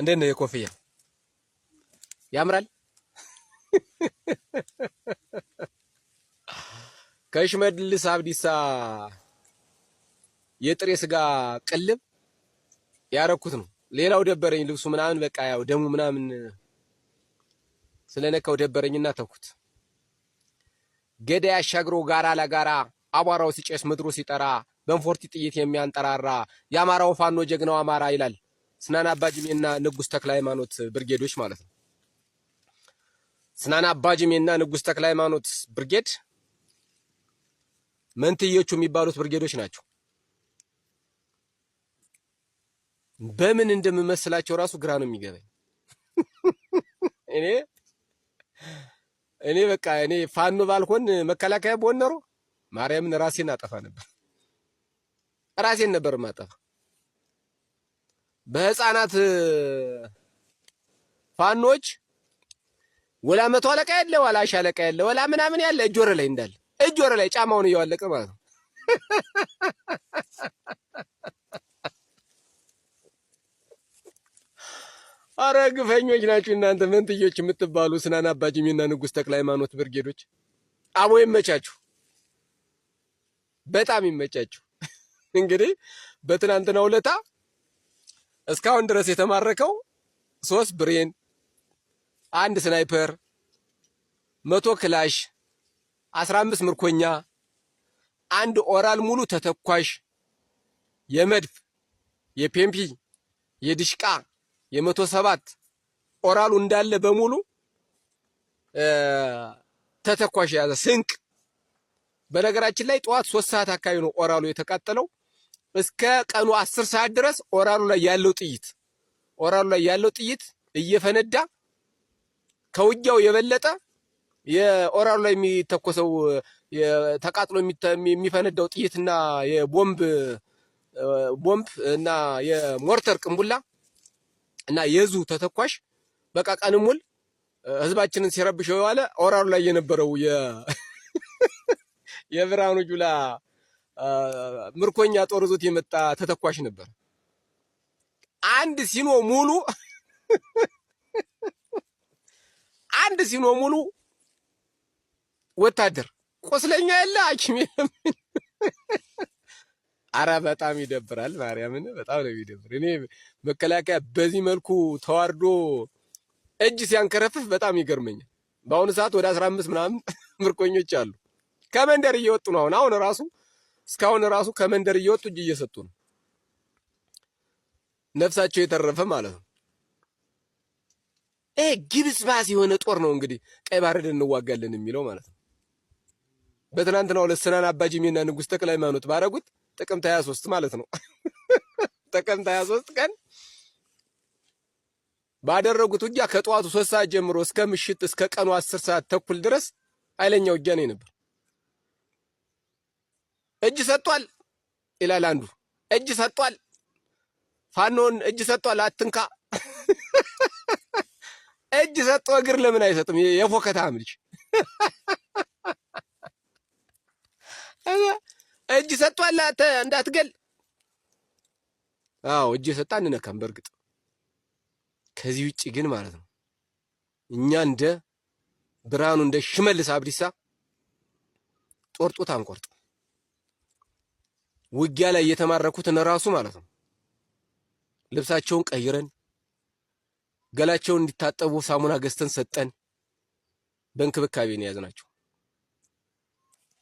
እንዴት ነው የኮፍያ? ያምራል። ከሽመልስ አብዲሳ የጥሬ ስጋ ቅልብ ያረኩት ነው። ሌላው ደበረኝ፣ ልብሱ ምናምን በቃ ያው ደሙ ምናምን ስለነካው ደበረኝና ተኩት። ገዳይ አሻግሮ ጋራ ለጋራ አቧራው ሲጨስ ምድሩ ሲጠራ በንፎርቲ ጥይት የሚያንጠራራ የአማራው ፋኖ ጀግናው አማራ ይላል። ስናን አባጅሜና ንጉስ ተክለ ሃይማኖት ብርጌዶች ማለት ነው። ስናና አባጅሜና ንጉስ ተክለ ሃይማኖት ብርጌድ መንትዮቹ የሚባሉት ብርጌዶች ናቸው። በምን እንደምመስላቸው ራሱ ግራ ነው የሚገባኝ። እኔ እኔ በቃ እኔ ፋኖ ባልሆን መከላከያ በሆን ኖሮ ማርያምን ራሴን አጠፋ ነበር፣ ራሴን ነበር ማጠፋ በህፃናት ፋኖች ወላ መቶ አለቃ ያለ ወላ ሺህ አለቃ ያለ ወላ ምናምን ያለ እጅ ወረ ላይ እንዳለ እጅ ወረ ላይ ጫማውን እያዋለቀ ማለት ነው። አረ ግፈኞች ናችሁ እናንተ መንትዮች የምትባሉ ስናን አባጅሜና ንጉሥ ተክለ ሃይማኖት ብርጌዶች። አቦ ይመቻችሁ፣ በጣም ይመቻችሁ። እንግዲህ በትናንትናው ዕለታ እስካሁን ድረስ የተማረከው ሶስት ብሬን፣ አንድ ስናይፐር፣ መቶ ክላሽ፣ አስራ አምስት ምርኮኛ፣ አንድ ኦራል ሙሉ ተተኳሽ፣ የመድፍ፣ የፔምፒ፣ የድሽቃ፣ የመቶ ሰባት ኦራሉ እንዳለ በሙሉ ተተኳሽ የያዘ ስንቅ። በነገራችን ላይ ጠዋት ሶስት ሰዓት አካባቢ ነው ኦራሉ የተቃጠለው። እስከ ቀኑ አስር ሰዓት ድረስ ኦራሉ ላይ ያለው ጥይት ኦራሉ ላይ ያለው ጥይት እየፈነዳ ከውጊያው የበለጠ የኦራሉ ላይ የሚተኮሰው ተቃጥሎ የሚፈነዳው ጥይትና የቦምብ ቦምብ እና የሞርተር ቅንቡላ እና የዙ ተተኳሽ በቃ ቀን ሙል ህዝባችንን ሲረብሸው የዋለ ኦራሉ ላይ የነበረው የብርሃኑ ጁላ ምርኮኛ ጦር ዞት የመጣ ተተኳሽ ነበር። አንድ ሲኖ ሙሉ አንድ ሲኖ ሙሉ ወታደር ቆስለኛ ያለ ሐኪም አረ በጣም ይደብራል። ማርያምን በጣም ነው የሚደብር። እኔ መከላከያ በዚህ መልኩ ተዋርዶ እጅ ሲያንከረፍፍ በጣም ይገርመኛል። በአሁኑ ሰዓት ወደ አስራ አምስት ምናምን ምርኮኞች አሉ ከመንደር እየወጡ ነው አሁን አሁን ራሱ እስካሁን ራሱ ከመንደር እየወጡ እጅ እየሰጡ ነው። ነፍሳቸው የተረፈ ማለት ነው። ይሄ ግብስባስ የሆነ ጦር ነው እንግዲህ ቀይ ባህርን እንዋጋለን የሚለው ማለት ነው። በትናንትናው ዕለት ስናን አባጅሜና ንጉሥ ተክለ ሃይማኖት ባረጉት ጥቅምት 23 ማለት ነው ጥቅምት 23 ቀን ባደረጉት ውጊያ ከጠዋቱ ሶስት ሰዓት ጀምሮ እስከ ምሽት እስከ ቀኑ አስር ሰዓት ተኩል ድረስ ኃይለኛ ውጊያ ነው ነበር። እጅ ሰጥቷል ይላል አንዱ። እጅ ሰጥቷል፣ ፋኖን እጅ ሰጥቷል፣ አትንካ። እጅ ሰጥቶ እግር ለምን አይሰጥም? የፎከታም ልጅ እጅ ሰጥቷል፣ እንዳትገል። አዎ እጅ የሰጣ እንነካም። በእርግጥ ከዚህ ውጭ ግን ማለት ነው እኛ እንደ ብርሃኑ እንደ ሽመልስ አብዲሳ ጦር ጡት ውጊያ ላይ የተማረኩትን ራሱ ማለት ነው። ልብሳቸውን ቀይረን ገላቸውን እንዲታጠቡ ሳሙና ገዝተን ሰጠን። በእንክብካቤ ነው የያዝናቸው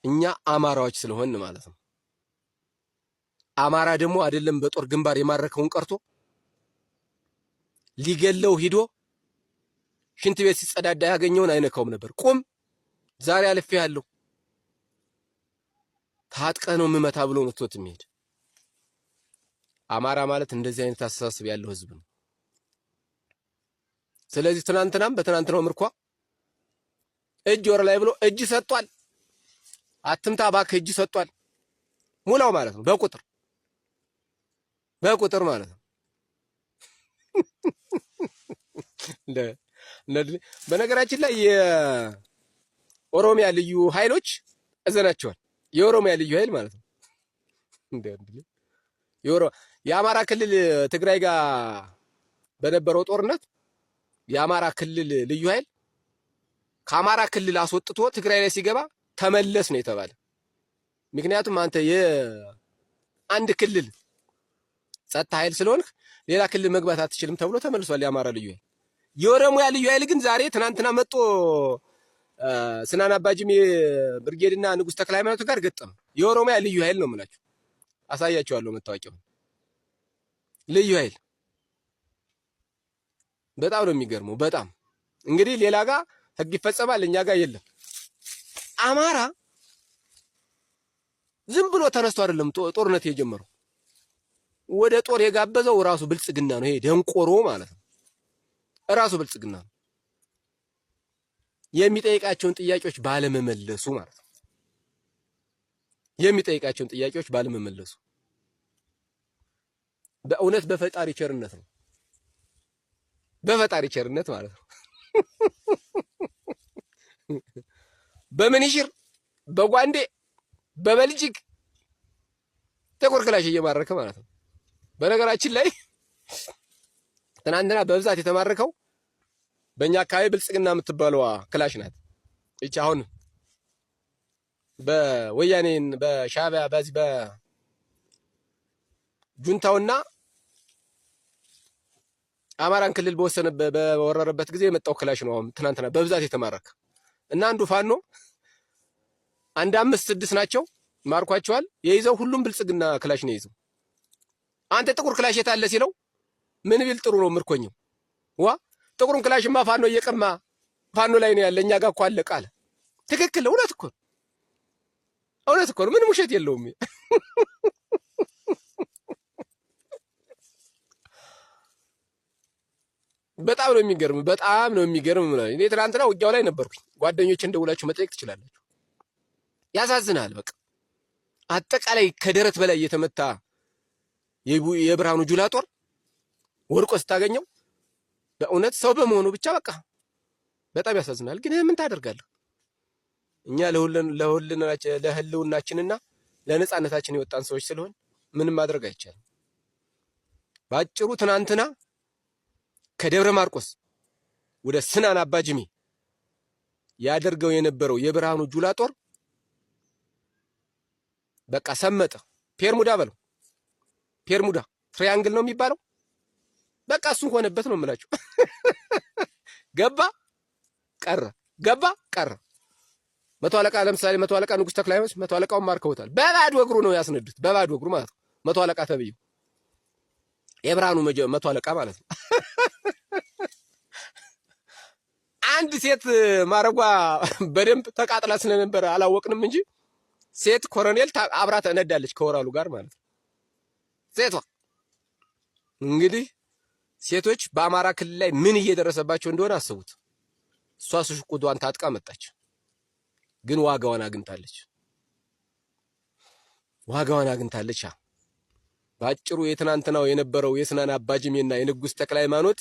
እኛ አማራዎች ስለሆን ማለት ነው። አማራ ደግሞ አይደለም በጦር ግንባር የማረከውን ቀርቶ ሊገለው ሂዶ ሽንት ቤት ሲጸዳዳ ያገኘውን አይነካውም ነበር። ቁም ዛሬ አልፌ ያለሁ ታጥቀ ነው የምመታ ብሎ ነው የሚሄድ። አማራ ማለት እንደዚህ አይነት አስተሳሰብ ያለው ህዝብ ነው። ስለዚህ ትናንትናም በትናንትናው ምርኳ እጅ ወር ላይ ብሎ እጅ ሰጥቷል። አትምታ ባክ እጅ ሰጥቷል። ሙላው ማለት ነው በቁጥር በቁጥር ማለት ነው። በነገራችን ላይ የኦሮሚያ ልዩ ኃይሎች እዘናቸዋል። የኦሮሚያ ልዩ ኃይል ማለት ነው። የአማራ ክልል ትግራይ ጋር በነበረው ጦርነት የአማራ ክልል ልዩ ኃይል ከአማራ ክልል አስወጥቶ ትግራይ ላይ ሲገባ ተመለስ ነው የተባለ። ምክንያቱም አንተ የአንድ ክልል ጸጥታ ኃይል ስለሆንክ ሌላ ክልል መግባት አትችልም ተብሎ ተመልሷል የአማራ ልዩ ኃይል። የኦሮሚያ ልዩ ኃይል ግን ዛሬ ትናንትና መጥቶ ስናን አባጅም ብርጌድና ንጉሥ ተክለ ሃይማኖት ጋር ገጠም። የኦሮሚያ ልዩ ኃይል ነው የምላችሁ። አሳያችኋለሁ መታወቂያውን። ልዩ ኃይል በጣም ነው የሚገርመው። በጣም እንግዲህ ሌላ ጋር ህግ ይፈጸማል፣ እኛ ጋር የለም። አማራ ዝም ብሎ ተነስቶ አይደለም ጦርነት የጀመረው። ወደ ጦር የጋበዘው ራሱ ብልጽግና ነው። ይሄ ደንቆሮ ማለት ነው። ራሱ ብልጽግና ነው። የሚጠይቃቸውን ጥያቄዎች ባለመመለሱ ማለት ነው። የሚጠይቃቸውን ጥያቄዎች ባለመመለሱ በእውነት በፈጣሪ ቸርነት ነው። በፈጣሪ ቸርነት ማለት ነው። በምንሽር በጓንዴ በበልጅግ ጥቁር ክላሽ እየማረከ ማለት ነው። በነገራችን ላይ ትናንትና በብዛት የተማረከው በእኛ አካባቢ ብልጽግና የምትባለዋ ክላሽ ናት። ይቺ አሁን በወያኔን በሻቢያ በዚህ በጁንታውና አማራን ክልል በወሰነ በወረረበት ጊዜ የመጣው ክላሽ ነው። አሁን ትናንትና በብዛት የተማረከ እና አንዱ ፋኖ አንድ አምስት ስድስት ናቸው ማርኳቸዋል። የይዘው ሁሉም ብልጽግና ክላሽ ነው ይዘው አንተ ጥቁር ክላሽ የታለ ሲለው ምን ቢል ጥሩ ነው ምርኮኝው ዋ ጥቁሩን ክላሽማ ፋኖ እየቀማ ፋኖ ላይ ነው ያለ። እኛ ጋር እኮ አለቀ አለ። ትክክል። እውነት እኮ እውነት እኮ ምንም ውሸት የለውም። በጣም ነው የሚገርም፣ በጣም ነው የሚገርም። እኔ ትናንትና ውጊያው ላይ ነበርኩኝ። ጓደኞች እንደውላችሁ መጠየቅ ትችላላችሁ። ያሳዝናል። በቃ አጠቃላይ ከደረት በላይ የተመታ የብርሃኑ ጁላ ጦር ወድቆ ስታገኘው በእውነት ሰው በመሆኑ ብቻ በቃ በጣም ያሳዝናል። ግን ምን ታደርጋለህ? እኛ ለህልውናችንና ለነፃነታችን የወጣን ሰዎች ስለሆን ምንም ማድረግ አይቻልም። በአጭሩ ትናንትና ከደብረ ማርቆስ ወደ ስናን አባጅሜ ያደርገው የነበረው የብርሃኑ ጁላ ጦር በቃ ሰመጠ። ፔርሙዳ በለው ፔርሙዳ ትሪያንግል ነው የሚባለው በቃ እሱ ሆነበት ነው የምላቸው ገባ ቀረ፣ ገባ ቀረ። መቶ አለቃ ለምሳሌ መቶ አለቃ ንጉሥ ተክለ ሃይማኖት መቶ አለቃውን ማርከውታል። በባዶ እግሩ ነው ያስነዱት፣ በባዶ እግሩ ማለት ነው። መቶ አለቃ ተብዬው የብርሃኑ መቶ አለቃ ማለት ነው። አንድ ሴት ማረጓ በደንብ ተቃጥላ ስለነበረ አላወቅንም እንጂ ሴት ኮሎኔል አብራ ተነዳለች ከወራሉ ጋር ማለት ነው። ሴቷ እንግዲህ ሴቶች በአማራ ክልል ላይ ምን እየደረሰባቸው እንደሆነ አስቡት። እሷ ሽቁዷን ታጥቃ መጣች፣ ግን ዋጋዋን አግኝታለች። ዋጋዋን አግኝታለች። በአጭሩ የትናንትናው የነበረው የስናን አባጅሜና የንጉሥ ተክለ ሃይማኖት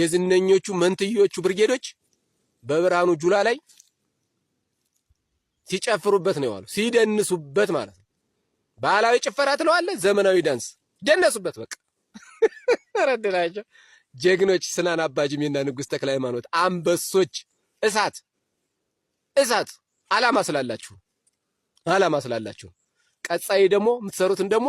የዝነኞቹ መንትዮቹ ብርጌዶች በብርሃኑ ጁላ ላይ ሲጨፍሩበት ነው የዋሉ፣ ሲደንሱበት ማለት ነው። ባህላዊ ጭፈራ ትለዋለህ፣ ዘመናዊ ዳንስ ደነሱበት በቃ ረድናቸው ጀግኖች ስናን አባጅሜና ንጉሥ ተክለ ሃይማኖት አንበሶች፣ እሳት እሳት። አላማ ስላላችሁ አላማ ስላላችሁ ቀጻይ ደግሞ የምትሰሩትን ደግሞ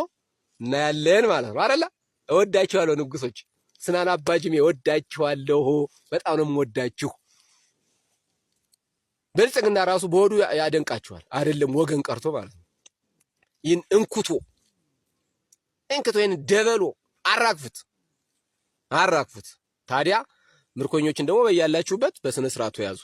እናያለን ማለት ነው አይደለ? እወዳችኋለሁ ንጉሶች፣ ስናን አባጅሜ እወዳችኋለሁ። በጣም ነው የምወዳችሁ። ብልጽግና ራሱ በሆዱ ያደንቃችኋል፣ አይደለም ወገን ቀርቶ ማለት ነው። ይህን እንኩቶ እንክቶ ይህን ደበሎ አራግፉት አራግፉት። ታዲያ ምርኮኞችን ደግሞ በያላችሁበት በስነ ስርዓቱ ያዙ።